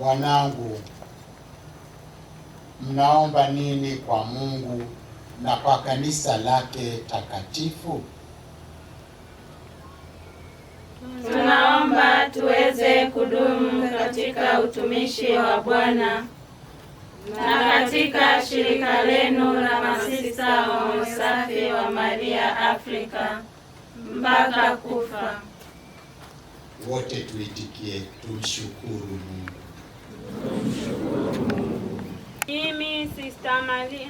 Wanangu, mnaomba nini kwa Mungu na kwa kanisa lake takatifu? Tunaomba tuweze kudumu katika utumishi wa Bwana na katika shirika lenu la masista wa usafi wa Maria Afrika mpaka kufa. Wote tuitikie, tumshukuru Mungu. Mimi Sister Maria,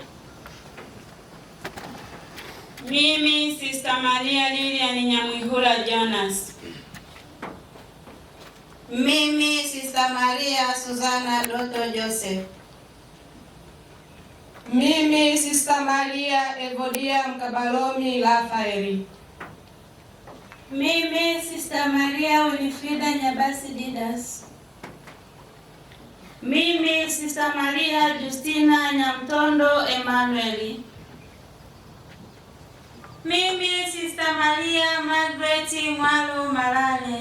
mimi Sister Maria Lilian Nyamwihura Jonas. Mimi Sister Maria Susana Doto Joseph. Mimi Sister Maria Evodia Mkabalomi Rafaeli. Mimi Sister Maria Winifrida Nyabasi Didas. Mimi Sista Maria Justina Nyamtondo Emmanuel. Mimi Sista Maria Margaret Mwalu Malale.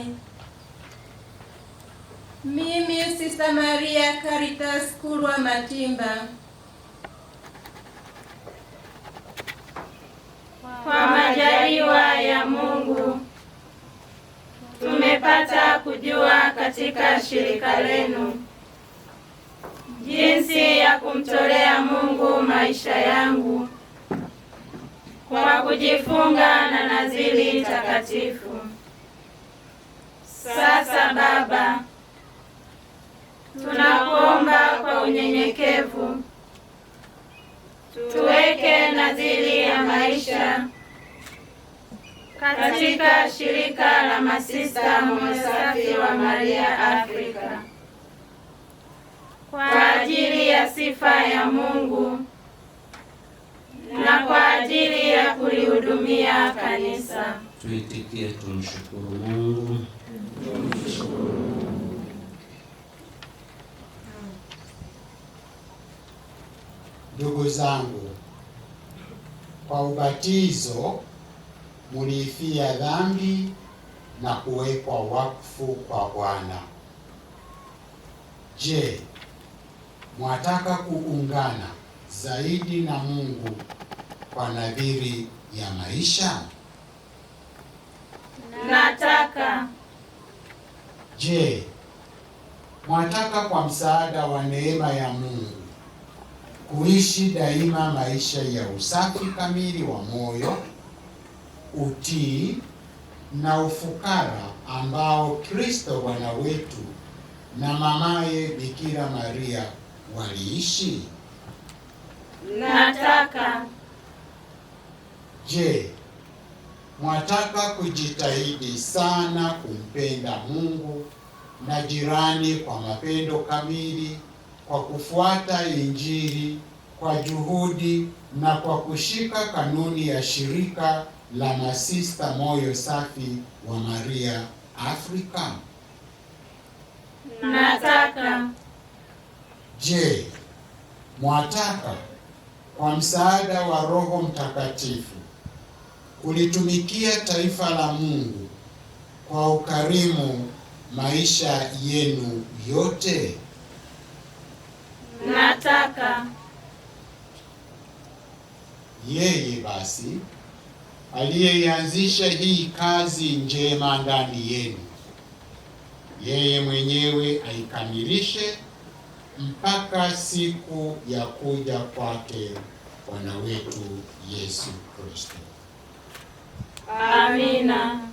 Mimi Sista Maria Caritas Kulwa Matimba. Kwa majaliwa ya Mungu tumepata kujua katika shirika lenu jinsi ya kumtolea Mungu maisha yangu kwa kujifunga na nadhiri takatifu. Sasa Baba, tunakuomba kwa unyenyekevu tuweke nadhiri ya maisha katika shirika la masista moyo safi wa Maria Afrika kwa ajili ya sifa ya Mungu na kwa ajili ya kulihudumia kanisa. Tuitikie, tumshukuru Mungu. Ndugu zangu, kwa ubatizo muliifia dhambi na kuwekwa wakfu kwa Bwana. Je, mwataka kuungana zaidi na Mungu kwa nadhiri ya maisha? Nataka. Je, mwataka kwa msaada wa neema ya Mungu kuishi daima maisha ya usafi kamili wa moyo, utii na ufukara ambao Kristo Bwana wetu na mamaye Bikira Maria waliishi? Nataka. Je, mwataka kujitahidi sana kumpenda Mungu na jirani kwa mapendo kamili, kwa kufuata Injili, kwa juhudi na kwa kushika kanuni ya shirika la masista moyo safi wa Maria Afrika? Nataka. Je, mwataka kwa msaada wa Roho Mtakatifu kulitumikia taifa la Mungu kwa ukarimu maisha yenu yote? Nataka. Yeye basi aliyeianzisha hii kazi njema ndani yenu, yeye mwenyewe aikamilishe mpaka siku ya kuja kwake Bwana wetu Yesu Kristo. Amina.